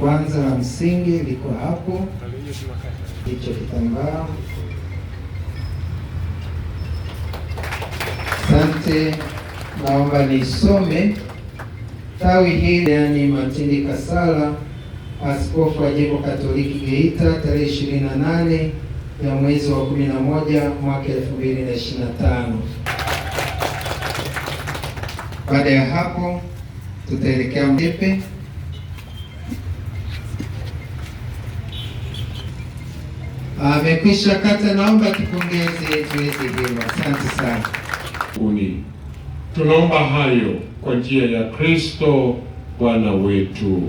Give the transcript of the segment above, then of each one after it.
Kwanza la msingi liko hapo, hicho kitambaa. Asante, naomba nisome tawi hili, yani Matindi Kasala, askofu wa jimbo Katoliki Geita, tarehe 28 ya mwezi wa 11 mwaka 2025. Baada ya hapo tutaelekea Mtepe. amekwisha kata. Naomba tupongeze, tuwezegewa. Asante sana. Tunaomba hayo kwa njia ya Kristo Bwana wetu.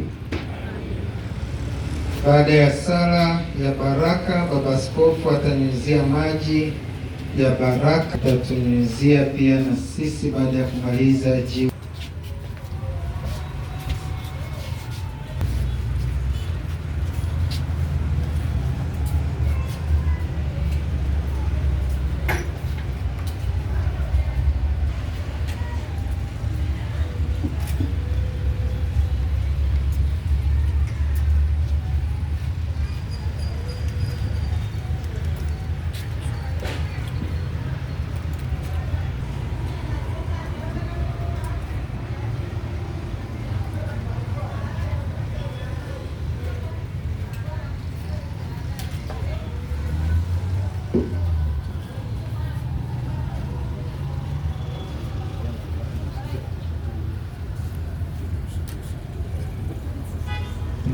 Baada ya sala ya baraka, baba askofu atanyunyizia maji ya baraka, atatunyunyizia pia na sisi baada ya kumaliza jiwe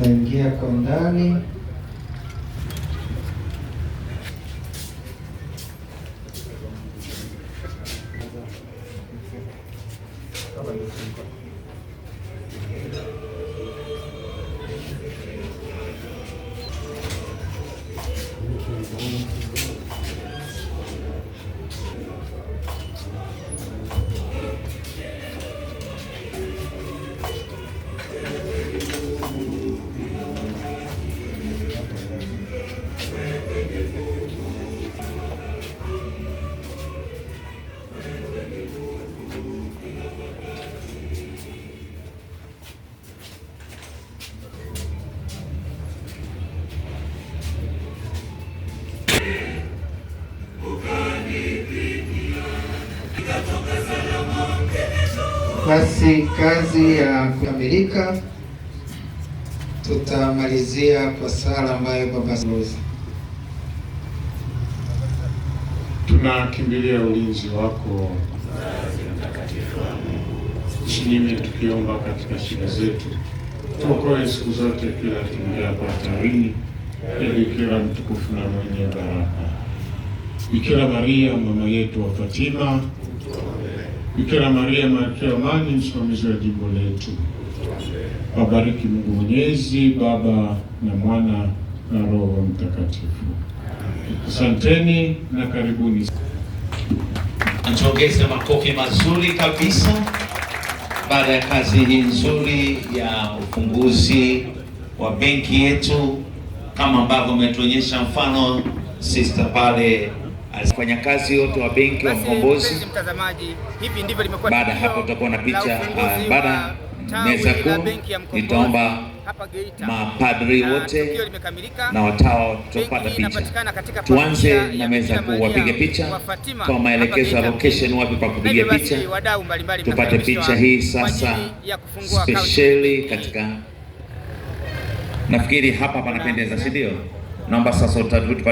Tutaingia kwa ndani Basi kazi ya kukamilika tutamalizia kwa sala ambayo baba tunakimbilia ulinzi wako chinime tukiomba katika shida zetu, tuokoe siku zote kila kwa hatarini, ili kila mtukufu na mwenye baraka Bikira Maria mama yetu wa Fatima Bikira Maria malkia amani, msimamizi wa jimbo letu. Wabariki Mungu Mwenyezi, Baba na Mwana na Roho Mtakatifu. Asanteni na karibuni. Tuongeze makofi mazuri kabisa baada ya kazi hii nzuri ya ufunguzi wa benki yetu, kama ambavyo umetuonyesha mfano sister pale alifanya kazi yote wa benki wa Mkombozi. Baada ya hapo tutakuwa na picha ah, baada meza kuu. Nitaomba mapadri wote na watawa tupata picha. Tuanze na meza kuu, wapige picha kwa maelekezo ya location, wapi pa kupiga picha, tupate picha hii sasa specially katika nafikiri hapa panapendeza, si ndio? Naomba sasa utapate